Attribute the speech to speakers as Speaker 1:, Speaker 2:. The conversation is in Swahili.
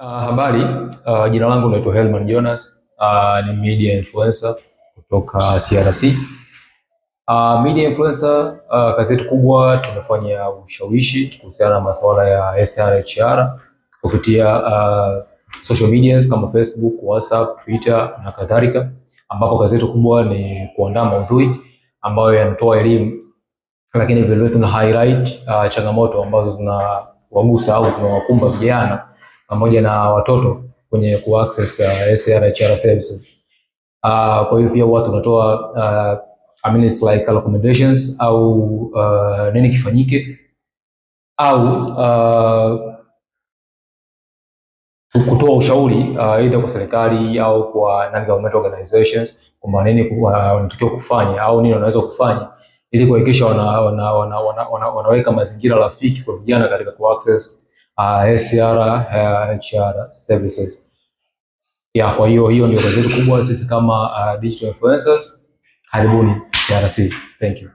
Speaker 1: Uh, habari uh, jina langu naitwa Helman Jonas uh, ni media influencer kutoka CRC. Uh, media influencer uh, kazi yetu kubwa tunafanya ushawishi kuhusiana na masuala ya SRHR kupitia uh, social medias kama Facebook, WhatsApp, Twitter na kadhalika, ambapo kazi yetu kubwa ni kuandaa maudhui ambayo yanatoa elimu, lakini vilevile tuna highlight uh, changamoto ambazo zinawagusa au zinawakumba vijana pamoja na watoto kwenye ku access uh, SRHR services. Uh, kwa hiyo pia huwa tunatoa uh, I mean it's like recommendations au uh, nini kifanyike au uh, kutoa ushauri uh, either kwa serikali au kwa non government organizations kwamba nini uh, wanatakiwa uh, kufanya au nini wanaweza kufanya ili kuhakikisha wana, wana, wana, wana, wana, wana mazingira rafiki kwa vijana katika ku access uh, ah, SR, uh, eh, HR services. Ya, kwa hiyo hiyo ndio kazi yetu kubwa sisi kama uh, digital influencers. Karibuni CRC. Thank you.